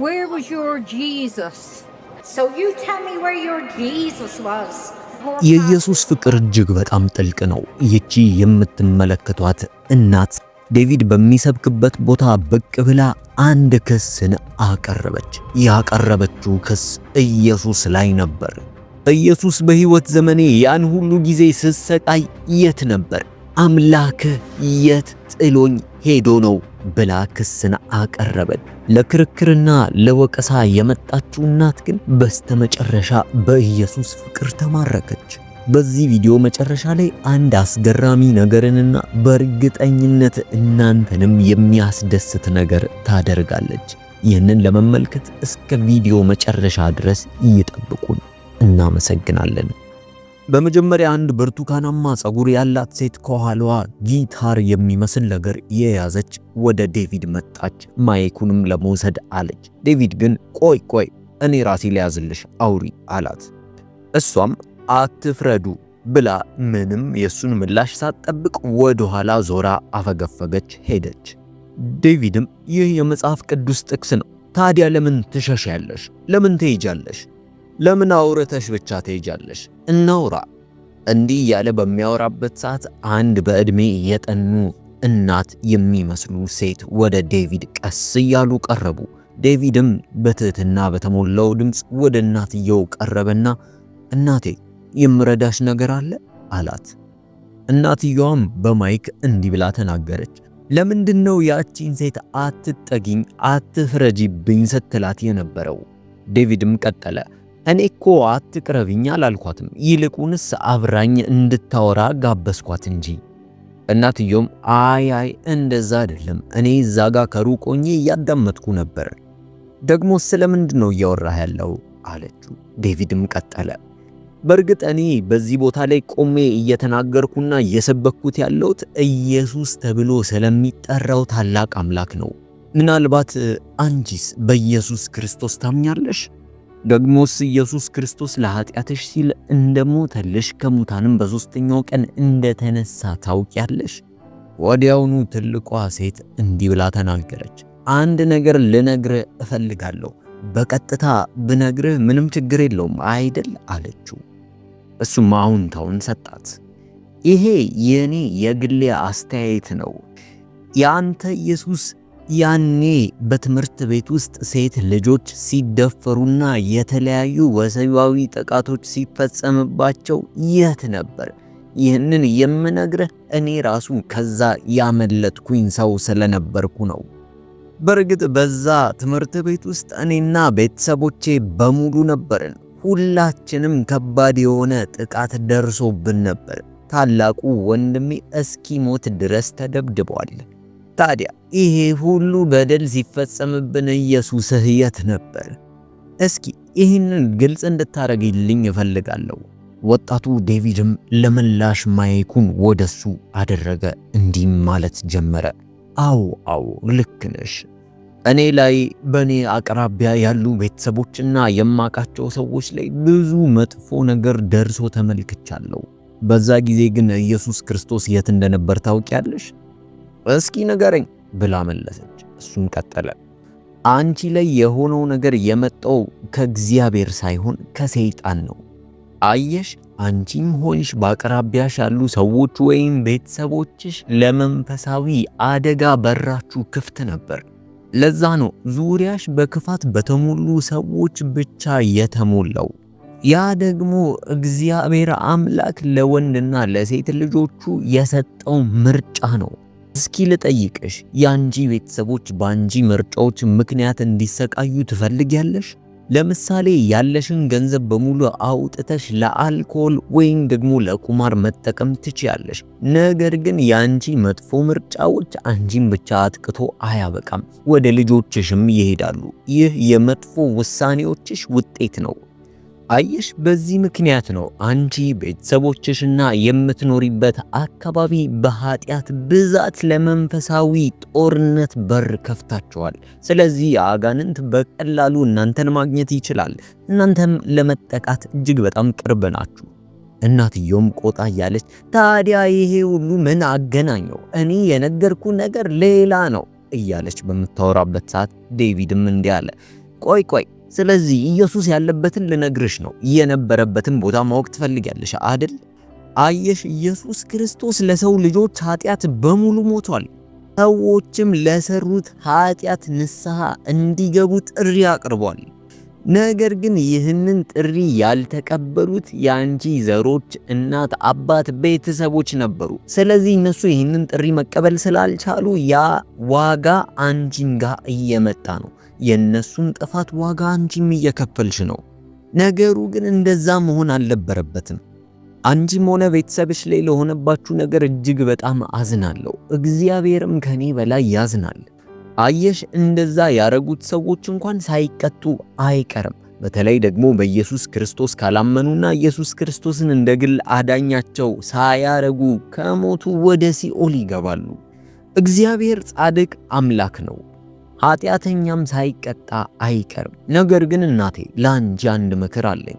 Where was your Jesus? So you tell me where your Jesus was. የኢየሱስ ፍቅር እጅግ በጣም ጥልቅ ነው። ይቺ የምትመለከቷት እናት ዴቪድ በሚሰብክበት ቦታ ብቅ ብላ አንድ ክስን አቀረበች። ያቀረበችው ክስ ኢየሱስ ላይ ነበር። ኢየሱስ በሕይወት ዘመኔ ያን ሁሉ ጊዜ ስሰቃይ የት ነበር? አምላክህ የት ጥሎኝ ሄዶ ነው ብላ ክስን አቀረበን። ለክርክርና ለወቀሳ የመጣችው እናት ግን በስተመጨረሻ በኢየሱስ ፍቅር ተማረከች። በዚህ ቪዲዮ መጨረሻ ላይ አንድ አስገራሚ ነገርንና በእርግጠኝነት እናንተንም የሚያስደስት ነገር ታደርጋለች። ይህንን ለመመልከት እስከ ቪዲዮ መጨረሻ ድረስ እየጠብቁን እናመሰግናለን። በመጀመሪያ አንድ ብርቱካናማ ጸጉር ያላት ሴት ከኋላዋ ጊታር የሚመስል ነገር የያዘች ወደ ዴቪድ መጣች። ማይኩንም ለመውሰድ አለች። ዴቪድ ግን ቆይ ቆይ እኔ ራሴ ሊያዝልሽ አውሪ አላት። እሷም አትፍረዱ ብላ ምንም የእሱን ምላሽ ሳትጠብቅ ወደ ኋላ ዞራ አፈገፈገች ሄደች። ዴቪድም ይህ የመጽሐፍ ቅዱስ ጥቅስ ነው፣ ታዲያ ለምን ትሸሻያለሽ? ለምን ትሄጃለሽ? ለምን አውርተሽ ብቻ ትሄጃለሽ? እናውራ። እንዲህ እያለ በሚያወራበት ሰዓት አንድ በዕድሜ የጠኑ እናት የሚመስሉ ሴት ወደ ዴቪድ ቀስ እያሉ ቀረቡ። ዴቪድም በትህትና በተሞላው ድምፅ ወደ እናትየው ቀረበና እናቴ የምረዳሽ ነገር አለ አላት። እናትየዋም በማይክ እንዲህ ብላ ተናገረች። ለምንድን ነው ያቺን ሴት አትጠጊኝ፣ አትፍረጂብኝ ስትላት የነበረው? ዴቪድም ቀጠለ እኔ እኮ አትቅረብኝ አላልኳትም፣ ይልቁንስ አብራኝ እንድታወራ ጋበዝኳት እንጂ። እናትዮም አይ አይ እንደዛ አይደለም፣ እኔ እዛ ጋ ከሩቅ እያዳመጥኩ ነበር። ደግሞ ስለምንድን ነው እያወራህ ያለው አለችው። ዴቪድም ቀጠለ። በእርግጥ እኔ በዚህ ቦታ ላይ ቆሜ እየተናገርኩና እየሰበኩት ያለሁት ኢየሱስ ተብሎ ስለሚጠራው ታላቅ አምላክ ነው። ምናልባት አንቺስ በኢየሱስ ክርስቶስ ታምኛለሽ? ደግሞስ ኢየሱስ ክርስቶስ ለኃጢአትሽ ሲል እንደሞተልሽ ከሙታንም በሦስተኛው ቀን እንደተነሳ ታውቂያለሽ። ወዲያውኑ ትልቋ ሴት እንዲህ ብላ ተናገረች። አንድ ነገር ልነግርህ እፈልጋለሁ። በቀጥታ ብነግርህ ምንም ችግር የለውም አይደል? አለችው። እሱም አዎንታውን ሰጣት። ይሄ የኔ የግሌ አስተያየት ነው። የአንተ ኢየሱስ ያኔ በትምህርት ቤት ውስጥ ሴት ልጆች ሲደፈሩና የተለያዩ ወሲባዊ ጥቃቶች ሲፈጸምባቸው የት ነበር? ይህንን የምነግርህ እኔ ራሱ ከዛ ያመለጥኩኝ ሰው ስለነበርኩ ነው። በእርግጥ በዛ ትምህርት ቤት ውስጥ እኔና ቤተሰቦቼ በሙሉ ነበርን። ሁላችንም ከባድ የሆነ ጥቃት ደርሶብን ነበር። ታላቁ ወንድሜ እስኪሞት ድረስ ተደብድቧል። ታዲያ ይሄ ሁሉ በደል ሲፈጸምብን ኢየሱስህ የት ነበር? እስኪ ይህንን ግልጽ እንድታደርግልኝ እፈልጋለሁ። ወጣቱ ዴቪድም ለምላሽ ማይኩን ወደሱ አደረገ። እንዲም ማለት ጀመረ፣ አዎ አዎ ልክ ነሽ። እኔ ላይ በእኔ አቅራቢያ ያሉ ቤተሰቦችና የማቃቸው ሰዎች ላይ ብዙ መጥፎ ነገር ደርሶ ተመልክቻለሁ። በዛ ጊዜ ግን ኢየሱስ ክርስቶስ የት እንደነበር ታውቂያለሽ? እስኪ ንገረኝ ብላ መለሰች። እሱም ቀጠለ፣ አንቺ ላይ የሆነው ነገር የመጣው ከእግዚአብሔር ሳይሆን ከሰይጣን ነው። አየሽ፣ አንቺም ሆንሽ በአቅራቢያሽ ያሉ ሰዎች ወይም ቤተሰቦችሽ ለመንፈሳዊ አደጋ በራችሁ ክፍት ነበር። ለዛ ነው ዙሪያሽ በክፋት በተሞሉ ሰዎች ብቻ የተሞላው። ያ ደግሞ እግዚአብሔር አምላክ ለወንድና ለሴት ልጆቹ የሰጠው ምርጫ ነው። እስኪ ልጠይቅሽ፣ የአንጂ ቤተሰቦች በአንጂ ምርጫዎች ምክንያት እንዲሰቃዩ ትፈልጊያለሽ? ለምሳሌ ያለሽን ገንዘብ በሙሉ አውጥተሽ ለአልኮል ወይም ደግሞ ለቁማር መጠቀም ትችያለሽ። ነገር ግን የአንቺ መጥፎ ምርጫዎች አንቺን ብቻ አጥቅቶ አያበቃም፣ ወደ ልጆችሽም ይሄዳሉ። ይህ የመጥፎ ውሳኔዎችሽ ውጤት ነው። አየሽ፣ በዚህ ምክንያት ነው አንቺ ቤተሰቦችሽና የምትኖሪበት አካባቢ በኃጢአት ብዛት ለመንፈሳዊ ጦርነት በር ከፍታችኋል። ስለዚህ አጋንንት በቀላሉ እናንተን ማግኘት ይችላል። እናንተም ለመጠቃት እጅግ በጣም ቅርብ ናችሁ። እናትየውም ቆጣ እያለች ታዲያ ይሄ ሁሉ ምን አገናኘው? እኔ የነገርኩ ነገር ሌላ ነው እያለች በምታወራበት ሰዓት ዴቪድም እንዲህ አለ፣ ቆይ ቆይ ስለዚህ ኢየሱስ ያለበትን ልነግርሽ ነው። የነበረበትን ቦታ ማወቅ ትፈልጊያለሽ አይደል? አየሽ፣ ኢየሱስ ክርስቶስ ለሰው ልጆች ኃጢአት በሙሉ ሞቷል። ሰዎችም ለሰሩት ኃጢአት ንስሐ እንዲገቡ ጥሪ አቅርቧል። ነገር ግን ይህንን ጥሪ ያልተቀበሉት የአንቺ ዘሮች፣ እናት፣ አባት፣ ቤተሰቦች ነበሩ። ስለዚህ እነሱ ይህንን ጥሪ መቀበል ስላልቻሉ ያ ዋጋ አንቺን ጋር እየመጣ ነው። የነሱን ጥፋት ዋጋ አንቺም እየከፈልሽ ነው። ነገሩ ግን እንደዛ መሆን አልነበረበትም። አንቺም ሆነ ቤተሰብሽ ላይ ለሆነባችሁ ነገር እጅግ በጣም አዝናለሁ። እግዚአብሔርም ከኔ በላይ ያዝናል። አየሽ እንደዛ ያረጉት ሰዎች እንኳን ሳይቀጡ አይቀርም። በተለይ ደግሞ በኢየሱስ ክርስቶስ ካላመኑና ኢየሱስ ክርስቶስን እንደ ግል አዳኛቸው ሳያረጉ ከሞቱ ወደ ሲኦል ይገባሉ። እግዚአብሔር ጻድቅ አምላክ ነው። ኃጢአተኛም ሳይቀጣ አይቀርም። ነገር ግን እናቴ ለአንቺ አንድ ምክር አለኝ።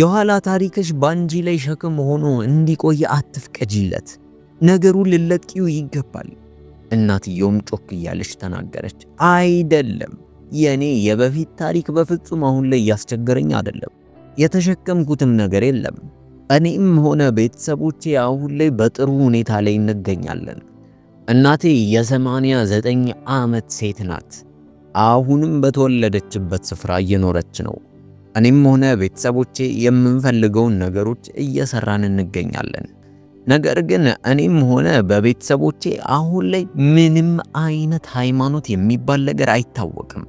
የኋላ ታሪክሽ ባንጂ ላይ ሸክም ሆኖ እንዲቆይ አትፍቀጂለት። ነገሩ ልለቂው ይገባል። እናትየውም ጮክ እያለች ተናገረች። አይደለም የእኔ የበፊት ታሪክ በፍጹም አሁን ላይ እያስቸገረኝ አይደለም። የተሸከምኩትም ነገር የለም። እኔም ሆነ ቤተሰቦቼ አሁን ላይ በጥሩ ሁኔታ ላይ እንገኛለን። እናቴ የሰማንያ ዘጠኝ ዓመት ሴት ናት። አሁንም በተወለደችበት ስፍራ እየኖረች ነው። እኔም ሆነ ቤተሰቦቼ የምንፈልገውን ነገሮች እየሰራን እንገኛለን። ነገር ግን እኔም ሆነ በቤተሰቦቼ አሁን ላይ ምንም አይነት ሃይማኖት የሚባል ነገር አይታወቅም።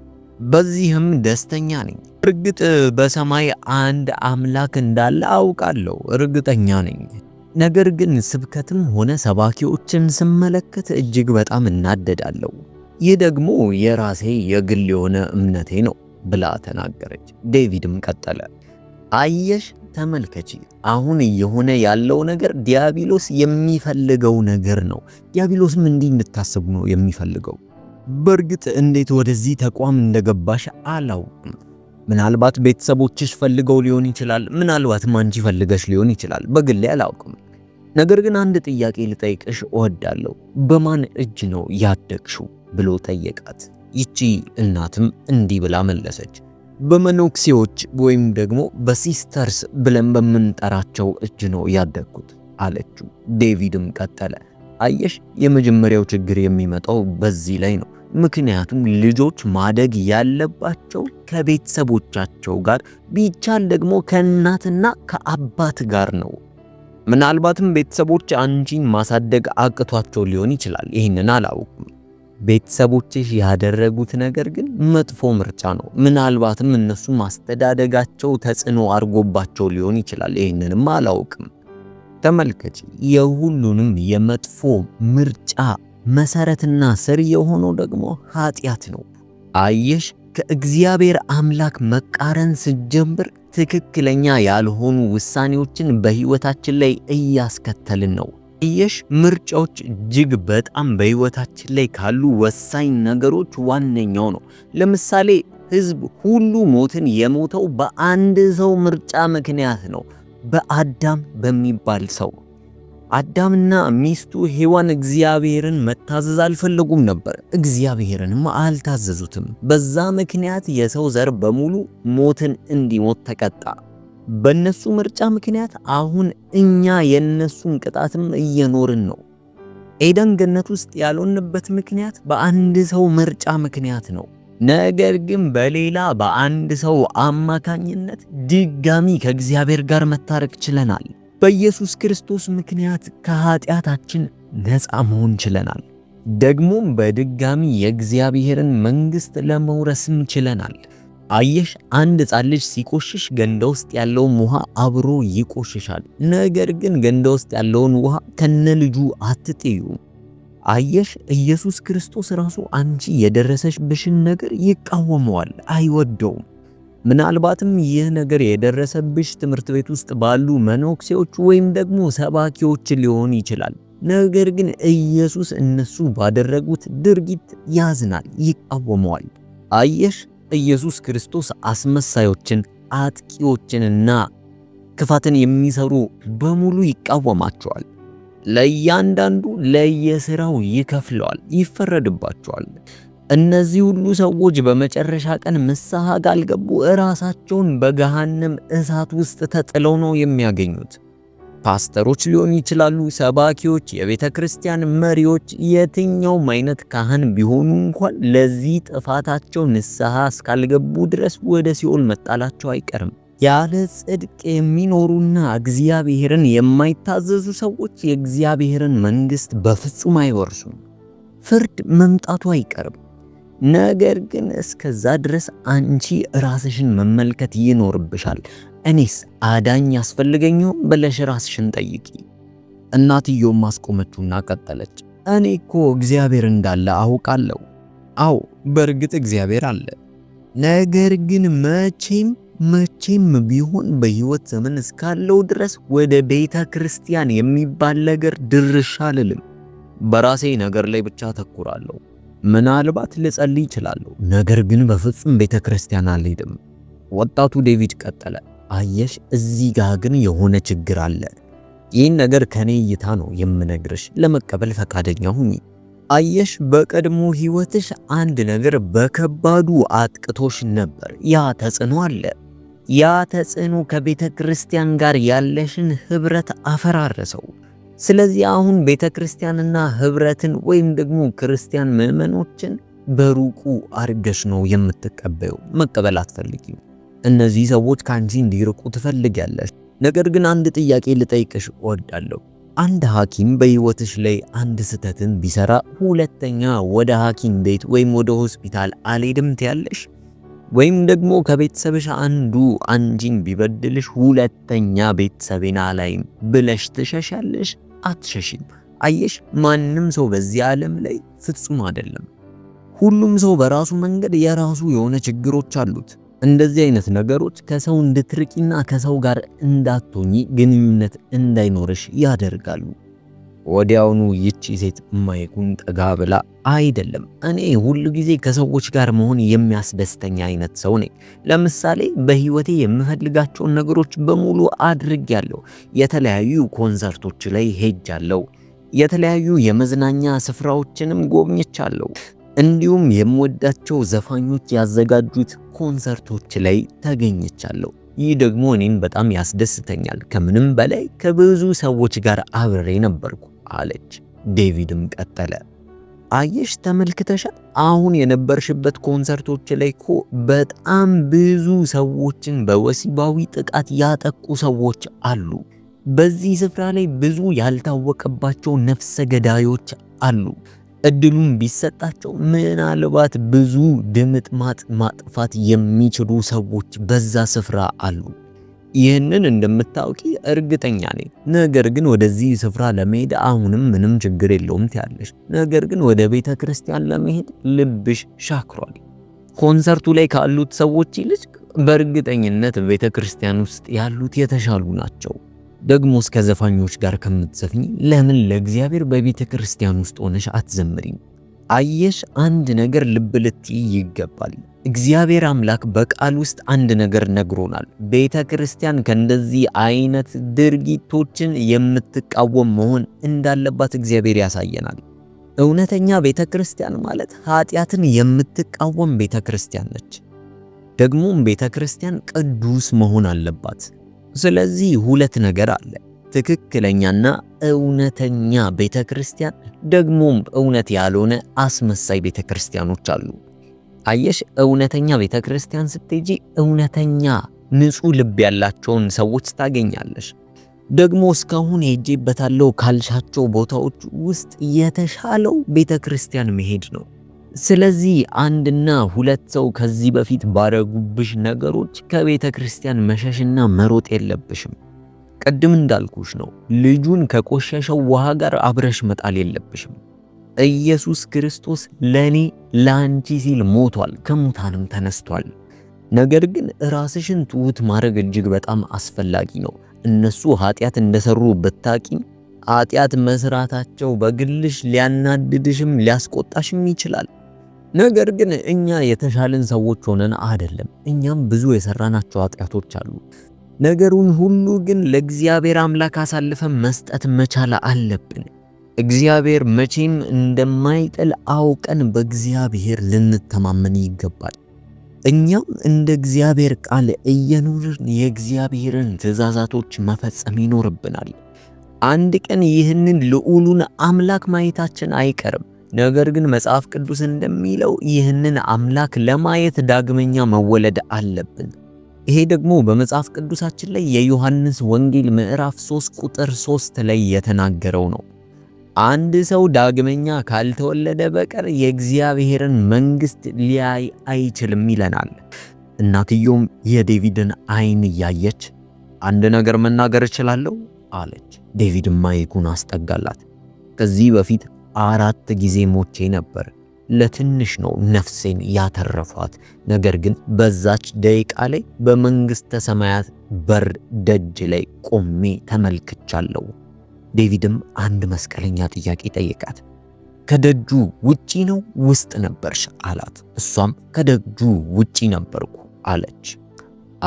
በዚህም ደስተኛ ነኝ። እርግጥ በሰማይ አንድ አምላክ እንዳለ አውቃለሁ፣ እርግጠኛ ነኝ። ነገር ግን ስብከትም ሆነ ሰባኪዎችን ስመለከት እጅግ በጣም እናደዳለሁ። ይህ ደግሞ የራሴ የግል የሆነ እምነቴ ነው ብላ ተናገረች። ዴቪድም ቀጠለ፣ አየሽ ተመልከቺ፣ አሁን እየሆነ ያለው ነገር ዲያብሎስ የሚፈልገው ነገር ነው። ዲያብሎስም እንዲህ እንድታስቡ ነው የሚፈልገው። በእርግጥ እንዴት ወደዚህ ተቋም እንደገባሽ አላውቅም። ምናልባት ቤተሰቦችሽ ፈልገው ሊሆን ይችላል። ምናልባትም አንቺ ፈልገሽ ሊሆን ይችላል። በግሌ አላውቅም። ነገር ግን አንድ ጥያቄ ልጠይቅሽ እወዳለሁ፣ በማን እጅ ነው ያደግሽው ብሎ ጠየቃት። ይቺ እናትም እንዲህ ብላ መለሰች። በመኖክሴዎች ወይም ደግሞ በሲስተርስ ብለን በምንጠራቸው እጅ ነው ያደግኩት አለችው። ዴቪድም ቀጠለ፣ አየሽ የመጀመሪያው ችግር የሚመጣው በዚህ ላይ ነው። ምክንያቱም ልጆች ማደግ ያለባቸው ከቤተሰቦቻቸው ጋር ቢቻል ደግሞ ከእናትና ከአባት ጋር ነው ምናልባትም ቤተሰቦች አንቺን ማሳደግ አቅቷቸው ሊሆን ይችላል። ይህንን አላውቅም። ቤተሰቦችሽ ያደረጉት ነገር ግን መጥፎ ምርጫ ነው። ምናልባትም እነሱ ማስተዳደጋቸው ተጽዕኖ አድርጎባቸው ሊሆን ይችላል። ይህንንም አላውቅም። ተመልከች፣ የሁሉንም የመጥፎ ምርጫ መሰረትና ስር የሆነው ደግሞ ኃጢአት ነው። አየሽ፣ ከእግዚአብሔር አምላክ መቃረን ስጀምር ትክክለኛ ያልሆኑ ውሳኔዎችን በህይወታችን ላይ እያስከተልን ነው። እየሽ ምርጫዎች እጅግ በጣም በህይወታችን ላይ ካሉ ወሳኝ ነገሮች ዋነኛው ነው። ለምሳሌ ህዝብ ሁሉ ሞትን የሞተው በአንድ ሰው ምርጫ ምክንያት ነው፣ በአዳም በሚባል ሰው አዳምና ሚስቱ ሔዋን እግዚአብሔርን መታዘዝ አልፈለጉም ነበር። እግዚአብሔርንም አልታዘዙትም። በዛ ምክንያት የሰው ዘር በሙሉ ሞትን እንዲሞት ተቀጣ። በነሱ ምርጫ ምክንያት አሁን እኛ የነሱን ቅጣትም እየኖርን ነው። ኤደን ገነት ውስጥ ያልሆንበት ምክንያት በአንድ ሰው ምርጫ ምክንያት ነው። ነገር ግን በሌላ በአንድ ሰው አማካኝነት ድጋሚ ከእግዚአብሔር ጋር መታረቅ ችለናል። በኢየሱስ ክርስቶስ ምክንያት ከኃጢአታችን ነፃ መሆን ችለናል። ደግሞም በድጋሚ የእግዚአብሔርን መንግሥት ለመውረስም ችለናል። አየሽ፣ አንድ ሕፃን ልጅ ሲቆሽሽ ገንዳ ውስጥ ያለውን ውሃ አብሮ ይቆሽሻል። ነገር ግን ገንዳ ውስጥ ያለውን ውሃ ከነ ልጁ አትጥዩ። አየሽ፣ ኢየሱስ ክርስቶስ ራሱ አንቺ የደረሰሽ ብሽን ነገር ይቃወመዋል፣ አይወደውም። ምናልባትም ይህ ነገር የደረሰብሽ ትምህርት ቤት ውስጥ ባሉ መነኩሴዎች ወይም ደግሞ ሰባኪዎች ሊሆን ይችላል። ነገር ግን ኢየሱስ እነሱ ባደረጉት ድርጊት ያዝናል፣ ይቃወመዋል። አየሽ ኢየሱስ ክርስቶስ አስመሳዮችን፣ አጥቂዎችንና ክፋትን የሚሰሩ በሙሉ ይቃወማቸዋል። ለእያንዳንዱ ለየስራው ይከፍለዋል፣ ይፈረድባቸዋል። እነዚህ ሁሉ ሰዎች በመጨረሻ ቀን ንስሐ ካልገቡ እራሳቸውን በገሃነም እሳት ውስጥ ተጥለው ነው የሚያገኙት። ፓስተሮች ሊሆኑ ይችላሉ፣ ሰባኪዎች፣ የቤተ ክርስቲያን መሪዎች፣ የትኛውም አይነት ካህን ቢሆኑ እንኳን ለዚህ ጥፋታቸው ንስሐ እስካልገቡ ድረስ ወደ ሲኦል መጣላቸው አይቀርም። ያለ ጽድቅ የሚኖሩና እግዚአብሔርን የማይታዘዙ ሰዎች የእግዚአብሔርን መንግሥት በፍጹም አይወርሱም። ፍርድ መምጣቱ አይቀርም። ነገር ግን እስከዛ ድረስ አንቺ ራስሽን መመልከት ይኖርብሻል። እኔስ አዳኝ ያስፈልገኝ ብለሽ ራስሽን ጠይቂ። እናትየውም አስቆመችውና ቀጠለች። እኔ እኮ እግዚአብሔር እንዳለ አውቃለሁ። አዎ በእርግጥ እግዚአብሔር አለ። ነገር ግን መቼም መቼም ቢሆን በህይወት ዘመን እስካለው ድረስ ወደ ቤተ ክርስቲያን የሚባል ነገር ድርሻ አልልም። በራሴ ነገር ላይ ብቻ አተኩራለሁ። ምናልባት ልጸልይ እችላለሁ፣ ነገር ግን በፍጹም ቤተ ክርስቲያን አልሄድም። ወጣቱ ዴቪድ ቀጠለ፣ አየሽ እዚህ ጋር ግን የሆነ ችግር አለ። ይህን ነገር ከኔ እይታ ነው የምነግርሽ፣ ለመቀበል ፈቃደኛ ሁኚ። አየሽ በቀድሞ ህይወትሽ አንድ ነገር በከባዱ አጥቅቶሽ ነበር። ያ ተጽዕኖ አለ። ያ ተጽዕኖ ከቤተ ክርስቲያን ጋር ያለሽን ህብረት አፈራረሰው። ስለዚህ አሁን ቤተ ክርስቲያንና ህብረትን ወይም ደግሞ ክርስቲያን ምዕመኖችን በሩቁ አርገሽ ነው የምትቀበዩ። መቀበል አትፈልጊ እነዚህ ሰዎች ከአንቺ እንዲርቁ ትፈልጊያለሽ። ነገር ግን አንድ ጥያቄ ልጠይቅሽ እወዳለሁ። አንድ ሐኪም በህይወትሽ ላይ አንድ ስህተትን ቢሰራ ሁለተኛ ወደ ሐኪም ቤት ወይም ወደ ሆስፒታል አልሄድም ትያለሽ? ወይም ደግሞ ከቤተሰብሽ አንዱ አንቺን ቢበድልሽ ሁለተኛ ቤተሰቤን አላይም ብለሽ ትሸሻለሽ? አትሸሽም። አየሽ ማንም ሰው በዚህ ዓለም ላይ ፍጹም አይደለም። ሁሉም ሰው በራሱ መንገድ የራሱ የሆነ ችግሮች አሉት። እንደዚህ አይነት ነገሮች ከሰው እንድትርቂና ከሰው ጋር እንዳትሆኚ ግንኙነት እንዳይኖርሽ ያደርጋሉ። ወዲያውኑ ይቺ ሴት ማይኩን ጠጋ ብላ አይደለም። እኔ ሁሉ ጊዜ ከሰዎች ጋር መሆን የሚያስደስተኝ አይነት ሰው ነኝ። ለምሳሌ በህይወቴ የምፈልጋቸውን ነገሮች በሙሉ አድርጌያለሁ። የተለያዩ ኮንሰርቶች ላይ ሄጃለሁ። የተለያዩ የመዝናኛ ስፍራዎችንም ጎብኝቻለሁ። እንዲሁም የምወዳቸው ዘፋኞች ያዘጋጁት ኮንሰርቶች ላይ ተገኝቻለሁ። ይህ ደግሞ እኔን በጣም ያስደስተኛል። ከምንም በላይ ከብዙ ሰዎች ጋር አብሬ ነበርኩ። አለች። ዴቪድም ቀጠለ፣ አየሽ ተመልክተሻል። አሁን የነበርሽበት ኮንሰርቶች ላይ እኮ በጣም ብዙ ሰዎችን በወሲባዊ ጥቃት ያጠቁ ሰዎች አሉ። በዚህ ስፍራ ላይ ብዙ ያልታወቀባቸው ነፍሰ ገዳዮች አሉ። እድሉን ቢሰጣቸው ምናልባት ብዙ ድምጥማጥ ማጥፋት የሚችሉ ሰዎች በዛ ስፍራ አሉ። ይህንን እንደምታውቂ እርግጠኛ ነኝ። ነገር ግን ወደዚህ ስፍራ ለመሄድ አሁንም ምንም ችግር የለውም ትያለሽ። ነገር ግን ወደ ቤተ ክርስቲያን ለመሄድ ልብሽ ሻክሯል። ኮንሰርቱ ላይ ካሉት ሰዎች ይልቅ በእርግጠኝነት ቤተ ክርስቲያን ውስጥ ያሉት የተሻሉ ናቸው። ደግሞ እስከ ዘፋኞች ጋር ከምትዘፍኝ ለምን ለእግዚአብሔር በቤተ ክርስቲያን ውስጥ ሆነሽ አትዘምሪም? አየሽ፣ አንድ ነገር ልብ ልትይ ይገባል። እግዚአብሔር አምላክ በቃል ውስጥ አንድ ነገር ነግሮናል። ቤተ ክርስቲያን ከእንደዚህ አይነት ድርጊቶችን የምትቃወም መሆን እንዳለባት እግዚአብሔር ያሳየናል። እውነተኛ ቤተ ክርስቲያን ማለት ኃጢአትን የምትቃወም ቤተ ክርስቲያን ነች። ደግሞም ቤተ ክርስቲያን ቅዱስ መሆን አለባት። ስለዚህ ሁለት ነገር አለ። ትክክለኛና እውነተኛ ቤተ ክርስቲያን፣ ደግሞም እውነት ያልሆነ አስመሳይ ቤተ ክርስቲያኖች አሉ። አየሽ፣ እውነተኛ ቤተ ክርስቲያን ስትሄጂ እውነተኛ ንጹህ ልብ ያላቸውን ሰዎች ታገኛለሽ። ደግሞ እስካሁን ሄጄበታለሁ ካልሻቸው ቦታዎች ውስጥ የተሻለው ቤተ ክርስቲያን መሄድ ነው። ስለዚህ አንድና ሁለት ሰው ከዚህ በፊት ባረጉብሽ ነገሮች ከቤተ ክርስቲያን መሸሽና መሮጥ የለብሽም። ቅድም እንዳልኩሽ ነው፣ ልጁን ከቆሸሸው ውሃ ጋር አብረሽ መጣል የለብሽም። ኢየሱስ ክርስቶስ ለኔ ለአንቺ ሲል ሞቷል፣ ከሙታንም ተነስቷል። ነገር ግን ራስሽን ትውት ማድረግ እጅግ በጣም አስፈላጊ ነው። እነሱ ኃጢአት እንደሰሩ ብታቂም ኃጢአት መስራታቸው በግልሽ ሊያናድድሽም ሊያስቆጣሽም ይችላል። ነገር ግን እኛ የተሻለን ሰዎች ሆነን አይደለም። እኛም ብዙ የሰራናቸው ኃጢአቶች አሉ። ነገሩን ሁሉ ግን ለእግዚአብሔር አምላክ አሳልፈን መስጠት መቻል አለብን። እግዚአብሔር መቼም እንደማይጥል አውቀን በእግዚአብሔር ልንተማመን ይገባል። እኛም እንደ እግዚአብሔር ቃል እየኖርን የእግዚአብሔርን ትእዛዛቶች መፈጸም ይኖርብናል። አንድ ቀን ይህንን ልዑሉን አምላክ ማየታችን አይቀርም። ነገር ግን መጽሐፍ ቅዱስ እንደሚለው ይህንን አምላክ ለማየት ዳግመኛ መወለድ አለብን። ይሄ ደግሞ በመጽሐፍ ቅዱሳችን ላይ የዮሐንስ ወንጌል ምዕራፍ 3 ቁጥር 3 ላይ የተናገረው ነው። አንድ ሰው ዳግመኛ ካልተወለደ በቀር የእግዚአብሔርን መንግስት ሊያይ አይችልም ይለናል። እናትየውም የዴቪድን አይን እያየች አንድ ነገር መናገር እችላለሁ አለች። ዴቪድ ማይኩን አስጠጋላት። ከዚህ በፊት አራት ጊዜ ሞቼ ነበር። ለትንሽ ነው ነፍሴን ያተረፏት። ነገር ግን በዛች ደቂቃ ላይ በመንግሥተ ሰማያት በር ደጅ ላይ ቆሜ ተመልክቻለሁ። ዴቪድም አንድ መስቀለኛ ጥያቄ ጠየቃት። ከደጁ ውጪ ነው ውስጥ ነበርሽ አላት። እሷም ከደጁ ውጪ ነበርኩ አለች።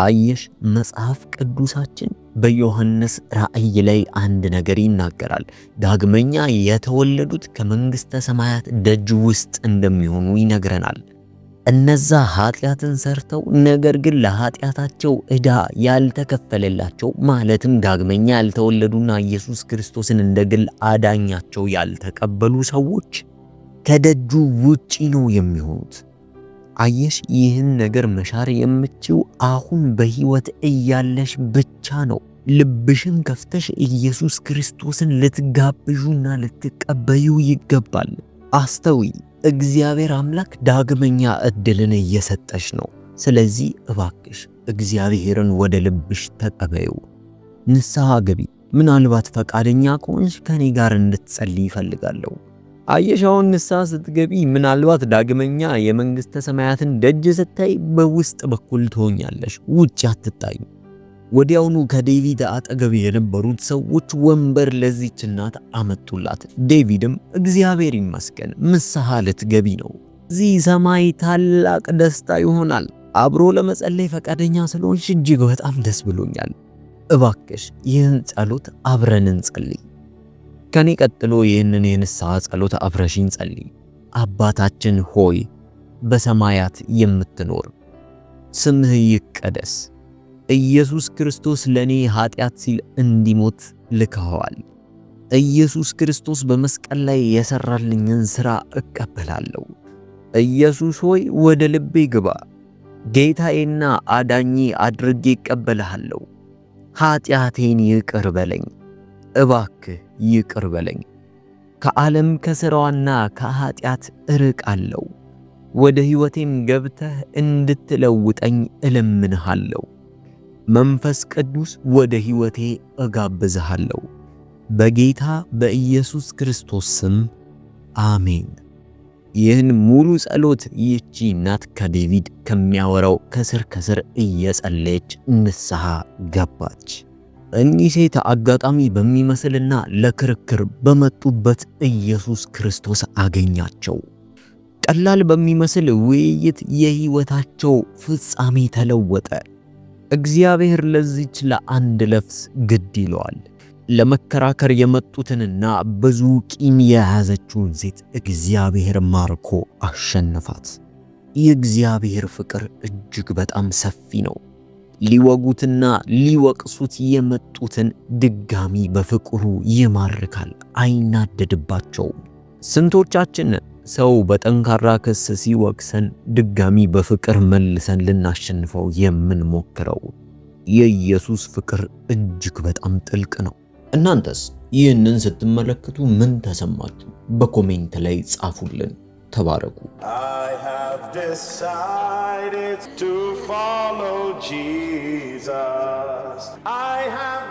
አየሽ መጽሐፍ ቅዱሳችን በዮሐንስ ራእይ ላይ አንድ ነገር ይናገራል። ዳግመኛ የተወለዱት ከመንግሥተ ሰማያት ደጅ ውስጥ እንደሚሆኑ ይነግረናል። እነዛ ኃጢአትን ሰርተው ነገር ግን ለኃጢአታቸው ዕዳ ያልተከፈለላቸው ማለትም ዳግመኛ ያልተወለዱና ኢየሱስ ክርስቶስን እንደ ግል አዳኛቸው ያልተቀበሉ ሰዎች ከደጁ ውጪ ነው የሚሆኑት። አየሽ፣ ይህን ነገር መሻር የምችው አሁን በሕይወት እያለሽ ብቻ ነው። ልብሽን ከፍተሽ ኢየሱስ ክርስቶስን ልትጋብዡና ልትቀበዩ ይገባል። አስተውይ። እግዚአብሔር አምላክ ዳግመኛ እድልን እየሰጠሽ ነው። ስለዚህ እባክሽ እግዚአብሔርን ወደ ልብሽ ተቀበዩ፣ ንስሐ ገቢ። ምናልባት ፈቃደኛ ከሆንሽ ከኔ ጋር እንድትጸልይ ይፈልጋለሁ። አየሻውን ንስሐ ስትገቢ ምናልባት ዳግመኛ የመንግሥተ ሰማያትን ደጅ ስታይ በውስጥ በኩል ትሆኛለሽ፣ ውጭ አትታዩ። ወዲያውኑ ከዴቪድ አጠገብ የነበሩት ሰዎች ወንበር ለዚች እናት አመጡላት። ዴቪድም እግዚአብሔር ይመስገን ንስሐ ልትገቢ ነው፣ እዚህ ሰማይ ታላቅ ደስታ ይሆናል። አብሮ ለመጸለይ ፈቃደኛ ስለሆንሽ እጅግ በጣም ደስ ብሎኛል። እባክሽ ይህን ጸሎት አብረን እንጸልይ። ከኔ ቀጥሎ ይህንን የንስሐ ጸሎት አብረሽ ጸልይ። አባታችን ሆይ በሰማያት የምትኖር ስምህ ይቀደስ ኢየሱስ ክርስቶስ ለኔ ኃጢአት ሲል እንዲሞት ልከዋል። ኢየሱስ ክርስቶስ በመስቀል ላይ የሰራልኝን ሥራ እቀበላለሁ። ኢየሱስ ሆይ ወደ ልቤ ግባ፣ ጌታዬና አዳኚ አድርጌ እቀበልሃለሁ። ኃጢአቴን ይቅር በለኝ እባክህ ይቅር በለኝ። ከዓለም ከሥራዋና ከኃጢአት እርቃለሁ። ወደ ሕይወቴም ገብተህ እንድትለውጠኝ እለምንሃለሁ። መንፈስ ቅዱስ ወደ ሕይወቴ እጋብዝሃለሁ። በጌታ በኢየሱስ ክርስቶስ ስም አሜን። ይህን ሙሉ ጸሎት ይህቺ እናት ከዴቪድ ከሚያወራው ከስር ከስር እየጸለየች ንስሐ ገባች። እኒህ ሴት አጋጣሚ በሚመስልና ለክርክር በመጡበት ኢየሱስ ክርስቶስ አገኛቸው። ቀላል በሚመስል ውይይት የሕይወታቸው ፍጻሜ ተለወጠ። እግዚአብሔር ለዚች ለአንድ ለፍስ ግድ ይለዋል። ለመከራከር የመጡትንና ብዙ ቂም የያዘችውን ሴት እግዚአብሔር ማርኮ አሸነፋት። የእግዚአብሔር ፍቅር እጅግ በጣም ሰፊ ነው። ሊወጉትና ሊወቅሱት የመጡትን ድጋሚ በፍቅሩ ይማርካል፣ አይናደድባቸውም። ስንቶቻችን ሰው በጠንካራ ክስ ሲወቅሰን ድጋሚ በፍቅር መልሰን ልናሸንፈው የምንሞክረው የኢየሱስ ፍቅር እጅግ በጣም ጥልቅ ነው። እናንተስ ይህንን ስትመለከቱ ምን ተሰማችሁ? በኮሜንት ላይ ጻፉልን። ተባረኩ። I have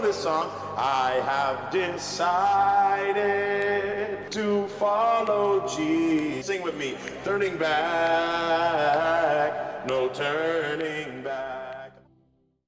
this song? I have decided to follow Jesus. Sing with me. Turning back, no turning